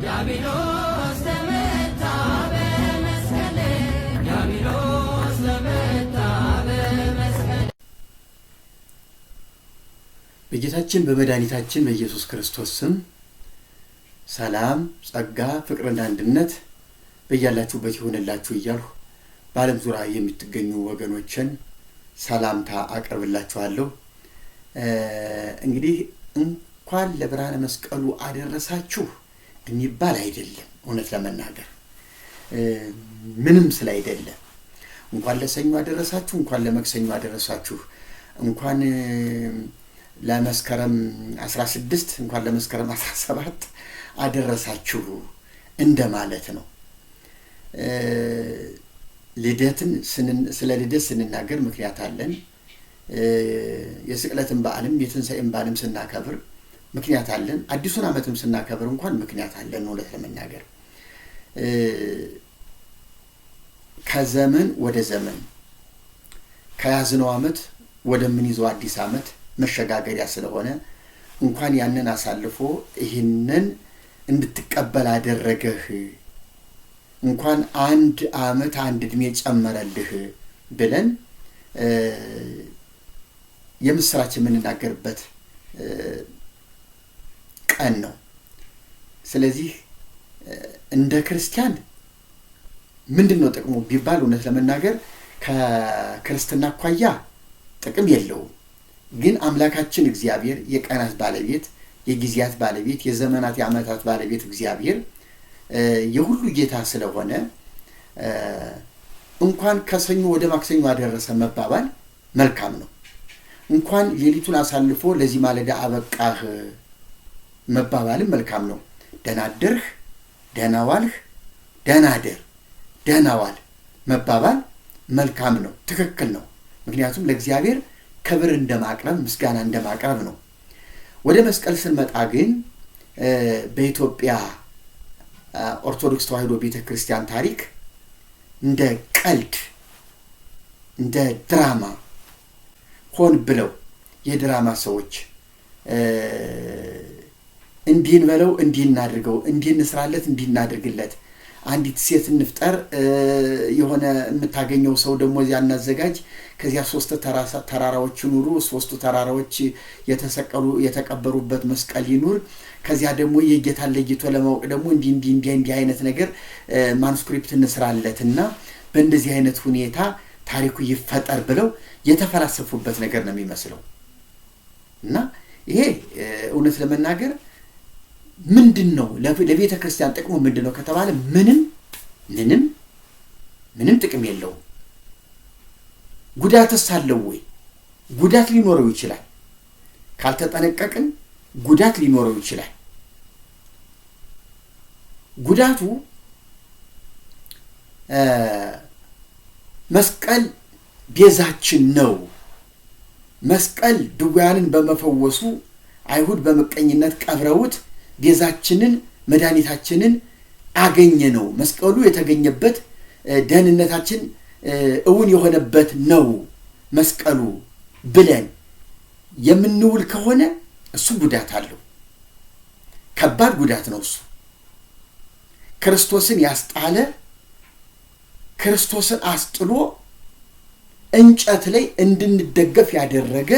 በጌታችን በመድኃኒታችን በኢየሱስ ክርስቶስ ስም ሰላም፣ ጸጋ፣ ፍቅርና አንድነት በያላችሁበት ይሆንላችሁ እያልሁ በዓለም ዙሪያ የምትገኙ ወገኖችን ሰላምታ አቀርብላችኋለሁ። እንግዲህ እንኳን ለብርሃነ መስቀሉ አደረሳችሁ። የሚባል አይደለም። እውነት ለመናገር ምንም ስለ አይደለም። እንኳን ለሰኞ አደረሳችሁ፣ እንኳን ለመክሰኞ አደረሳችሁ፣ እንኳን ለመስከረም 16 እንኳን ለመስከረም 17 አደረሳችሁ እንደማለት ነው። ልደትን ስለ ልደት ስንናገር ምክንያት አለን። የስቅለትን በዓልም የትንሣኤን በዓልም ስናከብር ምክንያት አለን። አዲሱን ዓመትም ስናከብር እንኳን ምክንያት አለን። እውነት ለመናገር ከዘመን ወደ ዘመን ከያዝነው ዓመት ወደምንይዘው አዲስ ዓመት መሸጋገሪያ ስለሆነ እንኳን ያንን አሳልፎ ይህንን እንድትቀበል አደረገህ። እንኳን አንድ ዓመት አንድ እድሜ ጨመረልህ ብለን የምስራች የምንናገርበት ቀን ነው። ስለዚህ እንደ ክርስቲያን ምንድን ነው ጥቅሙ ቢባል እውነት ለመናገር ከክርስትና አኳያ ጥቅም የለውም። ግን አምላካችን እግዚአብሔር የቀናት ባለቤት፣ የጊዜያት ባለቤት፣ የዘመናት የዓመታት ባለቤት እግዚአብሔር የሁሉ ጌታ ስለሆነ እንኳን ከሰኞ ወደ ማክሰኞ አደረሰ መባባል መልካም ነው። እንኳን ሌሊቱን አሳልፎ ለዚህ ማለዳ አበቃህ መባባልም መልካም ነው። ደህና አደርህ፣ ደህና ዋልህ፣ ደህና አደር፣ ደህና ዋል መባባል መልካም ነው፣ ትክክል ነው። ምክንያቱም ለእግዚአብሔር ክብር እንደማቅረብ ምስጋና እንደማቅረብ ነው። ወደ መስቀል ስንመጣ ግን በኢትዮጵያ ኦርቶዶክስ ተዋሕዶ ቤተ ክርስቲያን ታሪክ እንደ ቀልድ እንደ ድራማ ሆን ብለው የድራማ ሰዎች እንዲህን በለው፣ እንዲህ እናድርገው፣ እንዲህ እንስራለት፣ እንዲህ እናድርግለት፣ አንዲት ሴት እንፍጠር፣ የሆነ የምታገኘው ሰው ደግሞ እዚያ እናዘጋጅ፣ ከዚያ ሶስት ተራራዎች ይኑሩ፣ ሶስቱ ተራራዎች የተሰቀሉ የተቀበሩበት መስቀል ይኑር፣ ከዚያ ደግሞ የጌታን ለይቶ ለማወቅ ደግሞ እንዲህ እንዲህ እንዲህ እንዲህ አይነት ነገር ማንስክሪፕት እንስራለት እና በእንደዚህ አይነት ሁኔታ ታሪኩ ይፈጠር ብለው የተፈላሰፉበት ነገር ነው የሚመስለው እና ይሄ እውነት ለመናገር ምንድን ነው ለቤተ ክርስቲያን ጥቅሙ ምንድን ነው ከተባለ ምንም ምንም ምንም ጥቅም የለውም። ጉዳትስ አለው ወይ? ጉዳት ሊኖረው ይችላል። ካልተጠነቀቅን ጉዳት ሊኖረው ይችላል። ጉዳቱ መስቀል ቤዛችን ነው። መስቀል ድውያንን በመፈወሱ አይሁድ በምቀኝነት ቀብረውት ቤዛችንን መድኃኒታችንን አገኘ ነው። መስቀሉ የተገኘበት ደህንነታችን እውን የሆነበት ነው መስቀሉ ብለን የምንውል ከሆነ እሱ ጉዳት አለው። ከባድ ጉዳት ነው። እሱ ክርስቶስን ያስጣለ ክርስቶስን አስጥሎ እንጨት ላይ እንድንደገፍ ያደረገ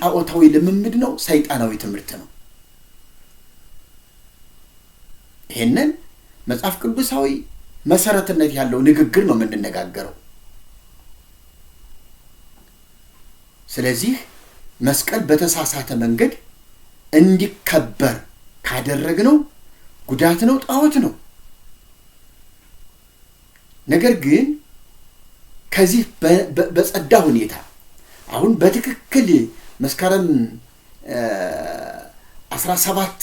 ጣዖታዊ ልምምድ ነው፣ ሰይጣናዊ ትምህርት ነው። ይህንን መጽሐፍ ቅዱሳዊ መሰረትነት ያለው ንግግር ነው የምንነጋገረው። ስለዚህ መስቀል በተሳሳተ መንገድ እንዲከበር ካደረግነው ጉዳት ነው፣ ጣዖት ነው። ነገር ግን ከዚህ በጸዳ ሁኔታ አሁን በትክክል መስከረም አስራ ሰባት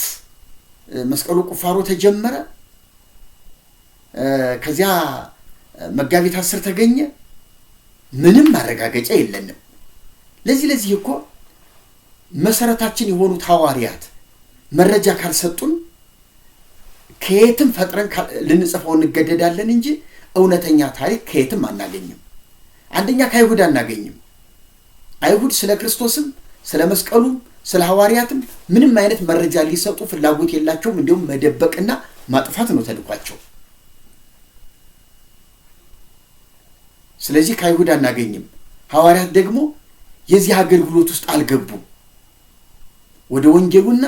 መስቀሉ ቁፋሮ ተጀመረ። ከዚያ መጋቢት አስር ተገኘ። ምንም ማረጋገጫ የለንም። ለዚህ ለዚህ እኮ መሰረታችን የሆኑት ሐዋርያት መረጃ ካልሰጡን ከየትም ፈጥረን ልንጽፈው እንገደዳለን እንጂ እውነተኛ ታሪክ ከየትም አናገኝም። አንደኛ ከአይሁድ አናገኝም። አይሁድ ስለ ክርስቶስም ስለ መስቀሉም ስለ ሐዋርያትም ምንም አይነት መረጃ ሊሰጡ ፍላጎት የላቸውም። እንዲሁም መደበቅና ማጥፋት ነው ተልኳቸው። ስለዚህ ከአይሁድ አናገኝም። ሐዋርያት ደግሞ የዚህ አገልግሎት ውስጥ አልገቡም። ወደ ወንጌሉና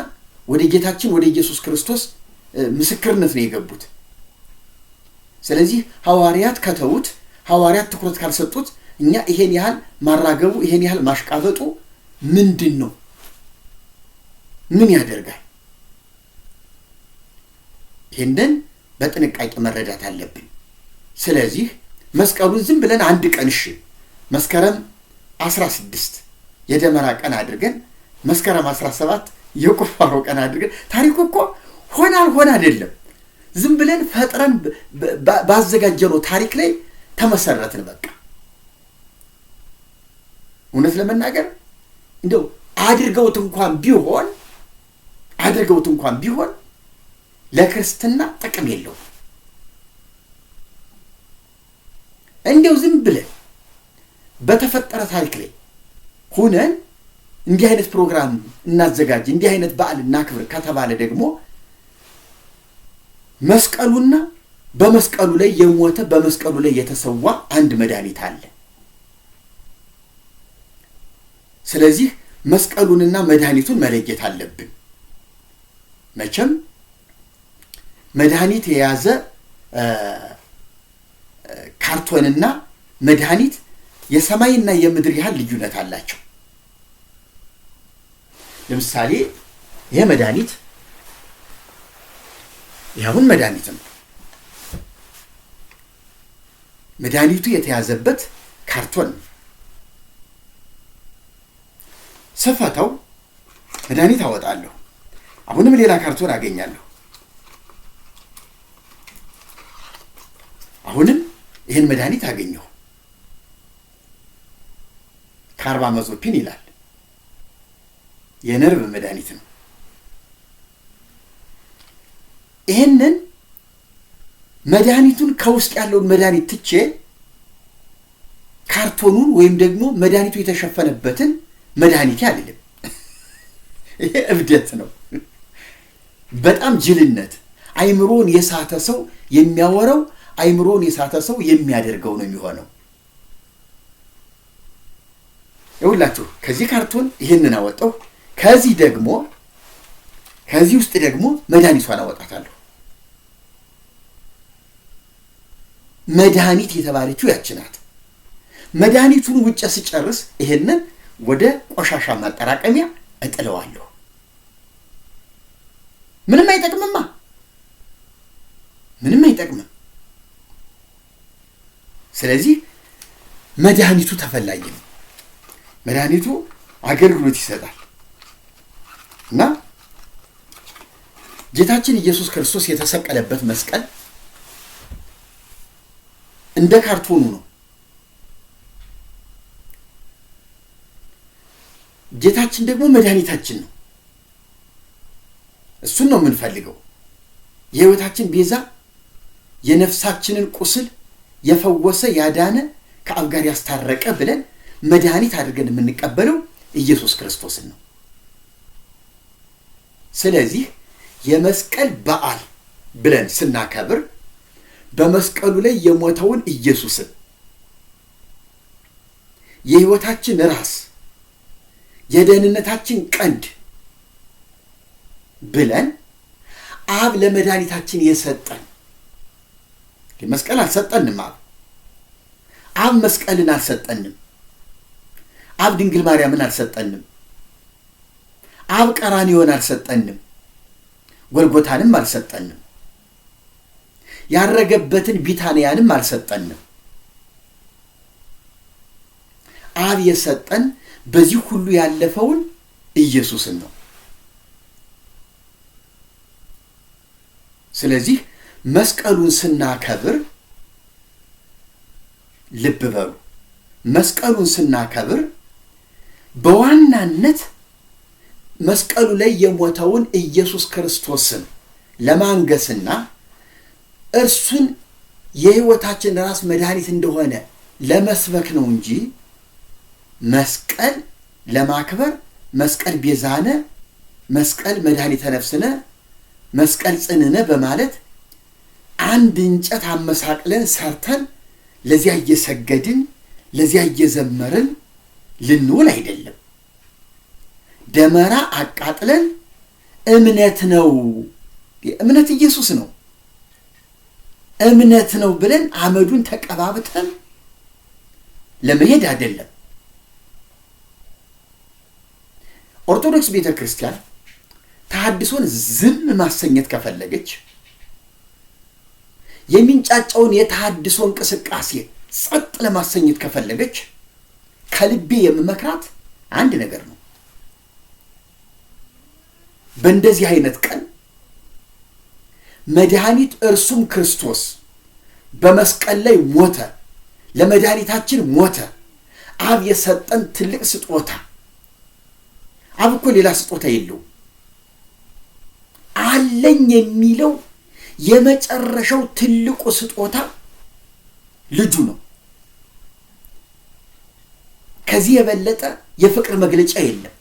ወደ ጌታችን ወደ ኢየሱስ ክርስቶስ ምስክርነት ነው የገቡት። ስለዚህ ሐዋርያት ከተዉት፣ ሐዋርያት ትኩረት ካልሰጡት እኛ ይሄን ያህል ማራገቡ ይሄን ያህል ማሽቃበጡ ምንድን ነው? ምን ያደርጋል? ይህንን በጥንቃቄ መረዳት አለብን። ስለዚህ መስቀሉን ዝም ብለን አንድ ቀን እሺ፣ መስከረም 16 የደመራ ቀን አድርገን መስከረም 17 የቁፋሮ ቀን አድርገን ታሪኩ እኮ ሆነ አልሆነ አይደለም። ዝም ብለን ፈጥረን ባዘጋጀነው ታሪክ ላይ ተመሰረትን። በቃ እውነት ለመናገር እንደው አድርገውት እንኳን ቢሆን አድርገውት እንኳን ቢሆን ለክርስትና ጥቅም የለውም። እንዲያው ዝም ብለን በተፈጠረ ታሪክ ላይ ሁነን እንዲህ አይነት ፕሮግራም እናዘጋጅ፣ እንዲህ አይነት በዓል እናክብር ከተባለ ደግሞ መስቀሉና በመስቀሉ ላይ የሞተ በመስቀሉ ላይ የተሰዋ አንድ መድኃኒት አለ። ስለዚህ መስቀሉንና መድኃኒቱን መለየት አለብን። መቼም መድኃኒት የያዘ ካርቶንና መድኃኒት የሰማይና የምድር ያህል ልዩነት አላቸው። ለምሳሌ ይሄ መድኃኒት ይኸውን መድኃኒት ነው። መድኃኒቱ የተያዘበት ካርቶን ስፈታው መድኃኒት አወጣለሁ። አሁንም ሌላ ካርቶን አገኛለሁ። አሁንም ይህን መድኃኒት አገኘሁ። ከአርባ መዞፒን ይላል የነርቭ መድኃኒት ነው። ይህንን መድኃኒቱን ከውስጥ ያለውን መድኃኒት ትቼ ካርቶኑን ወይም ደግሞ መድኃኒቱ የተሸፈነበትን መድኃኒቴ አልልም። ይሄ እብደት ነው። በጣም ጅልነት አይምሮን የሳተ ሰው የሚያወራው አይምሮን የሳተ ሰው የሚያደርገው ነው የሚሆነው። ይሁላችሁ ከዚህ ካርቱን ይህንን አወጣሁ። ከዚህ ደግሞ ከዚህ ውስጥ ደግሞ መድኃኒቷን አወጣታለሁ። መድኃኒት የተባለችው ያች ናት። መድኃኒቱን ውጭ ስጨርስ ይህንን ወደ ቆሻሻ ማጠራቀሚያ እጥለዋለሁ። ምንም አይጠቅምማ፣ ምንም አይጠቅምም። ስለዚህ መድኃኒቱ ተፈላጊ ነው። መድኃኒቱ አገልግሎት ይሰጣል እና ጌታችን ኢየሱስ ክርስቶስ የተሰቀለበት መስቀል እንደ ካርቶኑ ነው። ጌታችን ደግሞ መድኃኒታችን ነው። እሱን ነው የምንፈልገው። የህይወታችን ቤዛ የነፍሳችንን ቁስል የፈወሰ ያዳነ ከአብ ጋር ያስታረቀ ብለን መድኃኒት አድርገን የምንቀበለው ኢየሱስ ክርስቶስን ነው። ስለዚህ የመስቀል በዓል ብለን ስናከብር በመስቀሉ ላይ የሞተውን ኢየሱስን የህይወታችን ራስ የደህንነታችን ቀንድ ብለን አብ ለመድኃኒታችን የሰጠን መስቀል አልሰጠንም። አብ አብ መስቀልን አልሰጠንም። አብ ድንግል ማርያምን አልሰጠንም። አብ ቀራንዮን አልሰጠንም። ጎልጎታንም አልሰጠንም። ያረገበትን ቢታንያንም አልሰጠንም። አብ የሰጠን በዚህ ሁሉ ያለፈውን ኢየሱስን ነው። ስለዚህ መስቀሉን ስናከብር ልብ በሉ፣ መስቀሉን ስናከብር በዋናነት መስቀሉ ላይ የሞተውን ኢየሱስ ክርስቶስን ለማንገስና እርሱን የሕይወታችን ራስ መድኃኒት እንደሆነ ለመስበክ ነው እንጂ መስቀል ለማክበር መስቀል ቤዛነ መስቀል መድኃኒተ ነፍስነ መስቀል ጽንነ በማለት አንድ እንጨት አመሳቅለን ሰርተን ለዚያ እየሰገድን ለዚያ እየዘመርን ልንውል አይደለም። ደመራ አቃጥለን እምነት ነው እምነት ኢየሱስ ነው እምነት ነው ብለን አመዱን ተቀባብተን ለመሄድ አይደለም። ኦርቶዶክስ ቤተ ክርስቲያን ተሐድሶን ዝም ማሰኘት ከፈለገች የሚንጫጫውን የተሐድሶ እንቅስቃሴ ጸጥ ለማሰኘት ከፈለገች ከልቤ የምመክራት አንድ ነገር ነው። በእንደዚህ አይነት ቀን መድኃኒት እርሱም ክርስቶስ በመስቀል ላይ ሞተ፣ ለመድኃኒታችን ሞተ። አብ የሰጠን ትልቅ ስጦታ። አብ እኮ ሌላ ስጦታ የለውም። አለኝ የሚለው የመጨረሻው ትልቁ ስጦታ ልጁ ነው። ከዚህ የበለጠ የፍቅር መግለጫ የለም።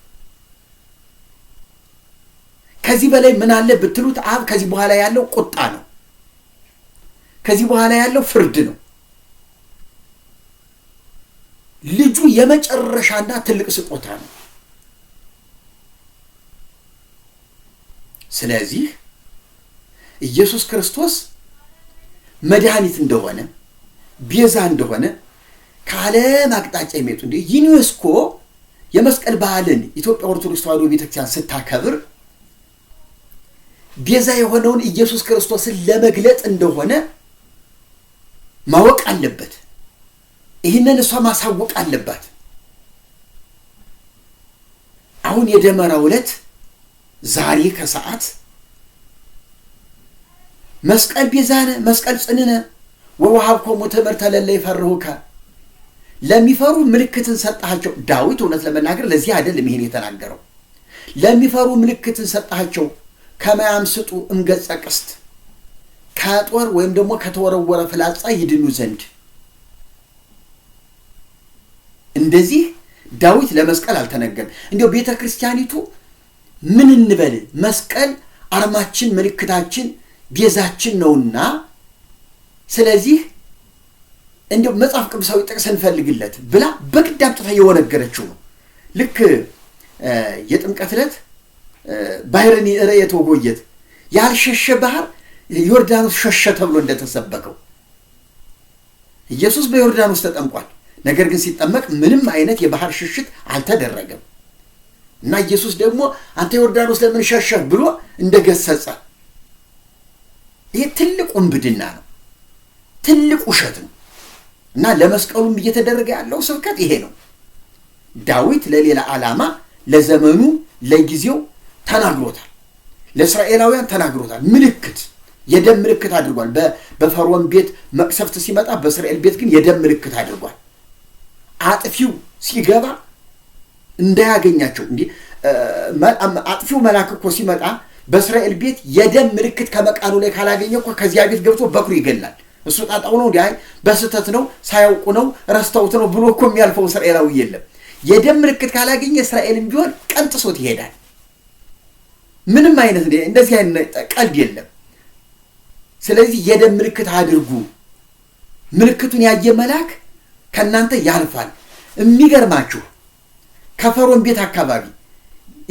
ከዚህ በላይ ምን አለ ብትሉት፣ አብ ከዚህ በኋላ ያለው ቁጣ ነው። ከዚህ በኋላ ያለው ፍርድ ነው። ልጁ የመጨረሻና ትልቅ ስጦታ ነው። ስለዚህ ኢየሱስ ክርስቶስ መድኃኒት እንደሆነ ቤዛ እንደሆነ ከዓለም አቅጣጫ የሚመጡ እንደ ዩኔስኮ የመስቀል ባህልን ኢትዮጵያ ኦርቶዶክስ ተዋሕዶ ቤተክርስቲያን ስታከብር ቤዛ የሆነውን ኢየሱስ ክርስቶስን ለመግለጥ እንደሆነ ማወቅ አለበት። ይህንን እሷ ማሳወቅ አለባት። አሁን የደመራ ዕለት ዛሬ ከሰዓት መስቀል ቤዛነ መስቀል ጽንነ ወወሃብኮሙ ትምህርተ ለእለ ይፈርሁከ ለሚፈሩ ምልክትን ሰጣቸው። ዳዊት እውነት ለመናገር ለዚህ አይደለም ይህን የተናገረው። ለሚፈሩ ምልክትን ሰጣቸው ከመያም ስጡ እምገጸ ቅስት ከጦር ወይም ደግሞ ከተወረወረ ፍላጻ ይድኑ ዘንድ። እንደዚህ ዳዊት ለመስቀል አልተነገርም። እንዲያው ቤተ ክርስቲያኒቱ ምን እንበል? መስቀል አርማችን፣ ምልክታችን፣ ቤዛችን ነውና ስለዚህ እንዲ መጽሐፍ ቅዱሳዊ ጥቅስ እንፈልግለት ብላ በግድ አምጥታ እየወነገረችው ነው። ልክ የጥምቀት ዕለት ባህርን ርየት ወጎየት ያልሸሸ ባህር ዮርዳኖስ ሸሸ ተብሎ እንደተሰበከው ኢየሱስ በዮርዳኖስ ተጠምቋል። ነገር ግን ሲጠመቅ ምንም አይነት የባህር ሽሽት አልተደረገም። እና ኢየሱስ ደግሞ አንተ ዮርዳኖስ ለምን ሸሸህ ብሎ እንደገሰጸ ይህ ትልቅ ውንብድና ነው፣ ትልቅ ውሸት ነው። እና ለመስቀሉም እየተደረገ ያለው ስብከት ይሄ ነው። ዳዊት ለሌላ ዓላማ ለዘመኑ ለጊዜው ተናግሮታል፣ ለእስራኤላውያን ተናግሮታል። ምልክት የደም ምልክት አድርጓል። በፈርዖን ቤት መቅሰፍት ሲመጣ፣ በእስራኤል ቤት ግን የደም ምልክት አድርጓል። አጥፊው ሲገባ እንዳያገኛቸው እንዲህ አጥፊው መልአክ እኮ ሲመጣ በእስራኤል ቤት የደም ምልክት ከመቃኑ ላይ ካላገኘ እኮ ከዚያ ቤት ገብቶ በኩር ይገላል። እሱ ጣጣው ነው እንዲህ በስህተት ነው ሳያውቁ ነው ረስተውት ነው ብሎ እኮ የሚያልፈው እስራኤላዊ የለም። የደም ምልክት ካላገኘ እስራኤልም ቢሆን ቀንጥሶት ይሄዳል። ምንም አይነት እንደዚህ አይነት ቀልድ የለም። ስለዚህ የደም ምልክት አድርጉ። ምልክቱን ያየ መልአክ ከእናንተ ያልፋል። የሚገርማችሁ ከፈሮን ቤት አካባቢ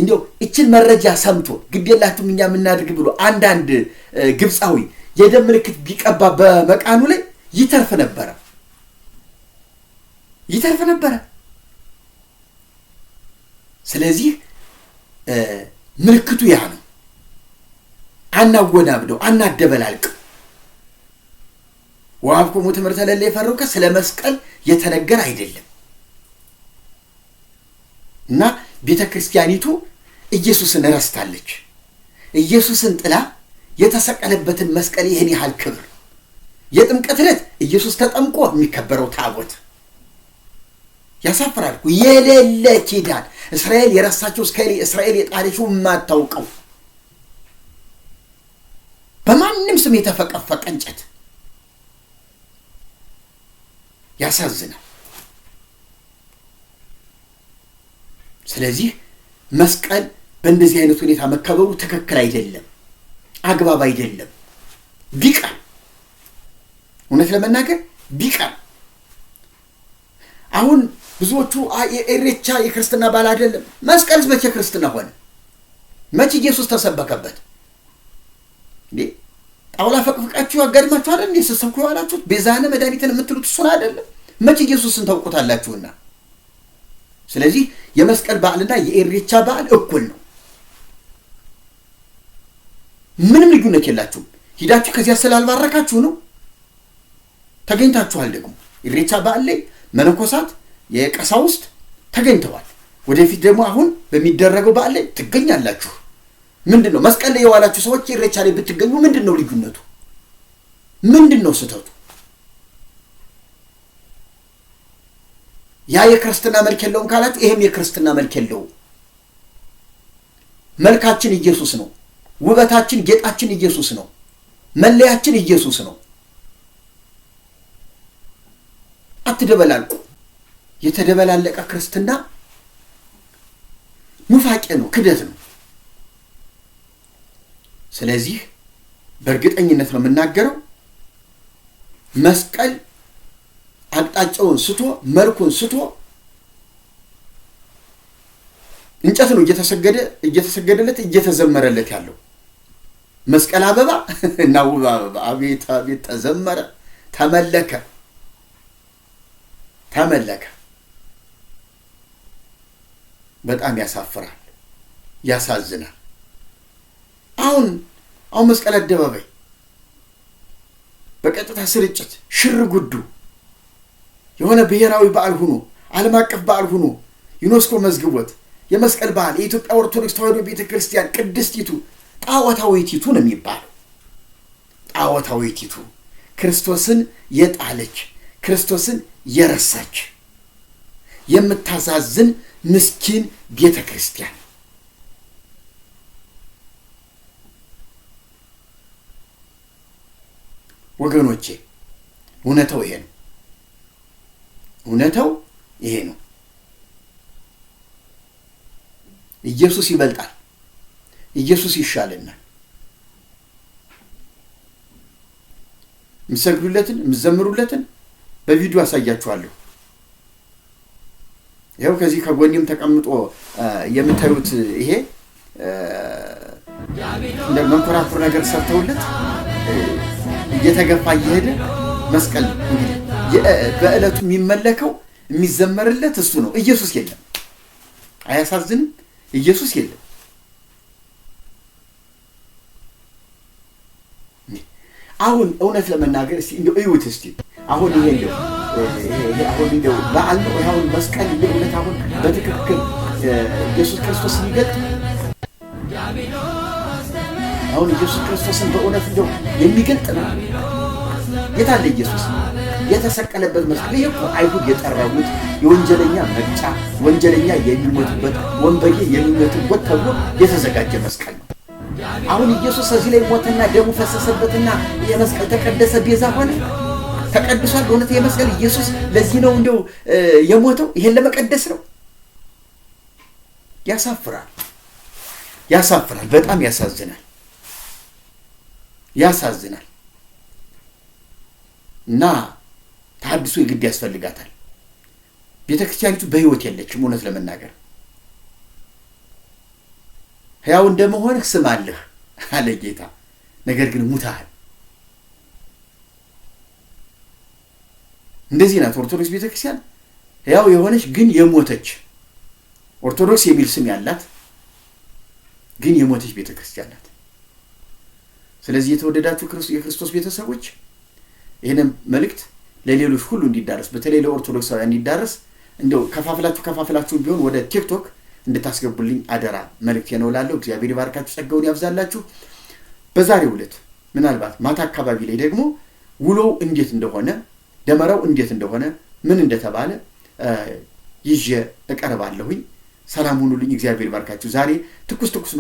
እንዲያው እችን መረጃ ሰምቶ ግዴላችሁም እኛ የምናድርግ ብሎ አንዳንድ ግብፃዊ የደም ምልክት ቢቀባ በመቃኑ ላይ ይተርፍ ነበረ ይተርፍ ነበረ። ስለዚህ ምልክቱ ያ ነው። አናወናብደው፣ አናደበላልቅም። ወሀብኩሙ ትምህርተ ለእለ ይፈርቁ ስለ መስቀል የተነገረ አይደለም። እና ቤተ ክርስቲያኒቱ ኢየሱስን ረስታለች። ኢየሱስን ጥላ የተሰቀለበትን መስቀል ይህን ያህል ክብር የጥምቀት ዕለት ኢየሱስ ተጠምቆ የሚከበረው ታቦት ያሳፍራል። የሌለ ኪዳን እስራኤል የረሳችው እስከ እስራኤል የጣለችው የማታውቀው በማንም ስም የተፈቀፈቀ እንጨት ያሳዝናል። ስለዚህ መስቀል በእንደዚህ አይነት ሁኔታ መከበሩ ትክክል አይደለም፣ አግባብ አይደለም። ቢቀር እውነት ለመናገር ቢቀር አሁን ብዙዎቹ የኤሬቻ የክርስትና በዓል አይደለም። መስቀልስ መቼ ክርስትና ሆነ? መቼ ኢየሱስ ተሰበከበት? ጣውላ ፈቅፍቃችሁ አጋድማችሁ አለ ስሰብኩ የዋላችሁት ቤዛነ መድኃኒትን የምትሉት እሱን አይደለም? መቼ ኢየሱስን ታውቁታላችሁና ስለዚህ የመስቀል በዓልና የኢሬቻ በዓል እኩል ነው። ምንም ልዩነት የላችሁም። ሂዳችሁ ከዚያ ስላልባረካችሁ ነው። ተገኝታችኋል። ደግሞ ኢሬቻ በዓል ላይ መነኮሳት የቀሳውስት ተገኝተዋል። ወደፊት ደግሞ አሁን በሚደረገው በዓል ላይ ትገኛላችሁ። ምንድን ነው መስቀል ላይ የዋላችሁ ሰዎች ኢሬቻ ላይ ብትገኙ ምንድን ነው ልዩነቱ? ምንድን ነው ስህተቱ? ያ የክርስትና መልክ የለውም ካላት ይሄም የክርስትና መልክ የለውም። መልካችን ኢየሱስ ነው። ውበታችን፣ ጌጣችን ኢየሱስ ነው። መለያችን ኢየሱስ ነው። አትደበላልቁ። የተደበላለቀ ክርስትና ኑፋቄ ነው፣ ክደት ነው። ስለዚህ በእርግጠኝነት ነው የምናገረው መስቀል አቅጣጫውን ስቶ መልኩን ስቶ እንጨት ነው እየተሰገደ እየተሰገደለት እየተዘመረለት ያለው መስቀል አበባ እና ውብ አበባ አቤት አቤት ተዘመረ ተመለከ ተመለከ በጣም ያሳፍራል ያሳዝናል አሁን አሁን መስቀል አደባባይ በቀጥታ ስርጭት ሽር ጉዱ የሆነ ብሔራዊ በዓል ሁኖ ዓለም አቀፍ በዓል ሁኖ ዩኔስኮ መዝግቦት የመስቀል በዓል የኢትዮጵያ ኦርቶዶክስ ተዋሕዶ ቤተ ክርስቲያን ቅድስቲቱ ጣዖታዊቲቱ ነው የሚባል ጣዖታዊቲቱ ክርስቶስን የጣለች ክርስቶስን የረሳች የምታሳዝን ምስኪን ቤተ ክርስቲያን ወገኖቼ፣ እውነተው ይሄ ነው። እውነተው ይሄ ነው። ኢየሱስ ይበልጣል። ኢየሱስ ይሻለናል። የምትሰግዱለትን የምትዘምሩለትን በቪዲዮ አሳያችኋለሁ። ይኸው ከዚህ ከጎኒም ተቀምጦ የምታዩት ይሄ መንኮራኩር ነገር ሰርተውለት እየተገፋ እየሄደ መስቀል ነው እንግዲህ በዕለቱ የሚመለከው የሚዘመርለት እሱ ነው። ኢየሱስ የለም። አያሳዝንም? ኢየሱስ የለም። አሁን እውነት ለመናገር እስቲ እንደው እዩት እስቲ አሁን ይሄ እንደው አሁን እንደው በዓል ነው። አሁን መስቀል እውነት አሁን በትክክል ኢየሱስ ክርስቶስ ሊገጥ አሁን ኢየሱስ ክርስቶስን በእውነት እንደው የሚገልጥ ነው። የታለ ኢየሱስ የተሰቀለበት መስቀል ይህ እኮ አይሁድ የጠረቡት የወንጀለኛ መቅጫ፣ ወንጀለኛ የሚሞትበት፣ ወንበዴ የሚሞትበት ተብሎ የተዘጋጀ መስቀል ነው። አሁን ኢየሱስ እዚህ ላይ ሞተና ደሙ ፈሰሰበትና የመስቀል ተቀደሰ፣ ቤዛ ሆነ፣ ተቀድሷል። በእውነት የመስቀል ኢየሱስ ለዚህ ነው እንደው የሞተው ይሄን ለመቀደስ ነው። ያሳፍራል፣ ያሳፍራል፣ በጣም ያሳዝናል፣ ያሳዝናል። እና ተሐድሶ የግድ ያስፈልጋታል። ቤተ ክርስቲያኒቱ በሕይወት የለችም። እውነት ለመናገር ሕያው እንደመሆንህ ስም አለህ አለ ጌታ፣ ነገር ግን ሙታሃል። እንደዚህ ናት ኦርቶዶክስ ቤተ ክርስቲያን ሕያው የሆነች ግን የሞተች ኦርቶዶክስ የሚል ስም ያላት ግን የሞተች ቤተ ክርስቲያን ናት። ስለዚህ የተወደዳችሁ የክርስቶስ ቤተሰቦች ይህንን መልእክት ለሌሎች ሁሉ እንዲዳረስ በተለይ ለኦርቶዶክሳውያን እንዲዳረስ እንደው ከፋፍላችሁ ከፋፍላችሁ ቢሆን ወደ ቲክቶክ እንድታስገቡልኝ አደራ መልክት ነው እላለሁ። እግዚአብሔር ይባርካችሁ፣ ጸጋውን ያብዛላችሁ። በዛሬው ዕለት ምናልባት ማታ አካባቢ ላይ ደግሞ ውሎው እንዴት እንደሆነ ደመራው እንዴት እንደሆነ ምን እንደተባለ ይዤ እቀርባለሁኝ። ሰላም ሁኑልኝ። እግዚአብሔር ይባርካችሁ። ዛሬ ትኩስ ትኩስ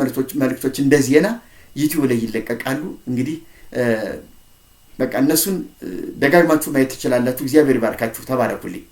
መልእክቶች እንደዜና ዩቲዩብ ላይ ይለቀቃሉ እንግዲህ በቃ እነሱን ደጋግማችሁ ማየት ትችላላችሁ። እግዚአብሔር ይባርካችሁ። ተባረኩልኝ።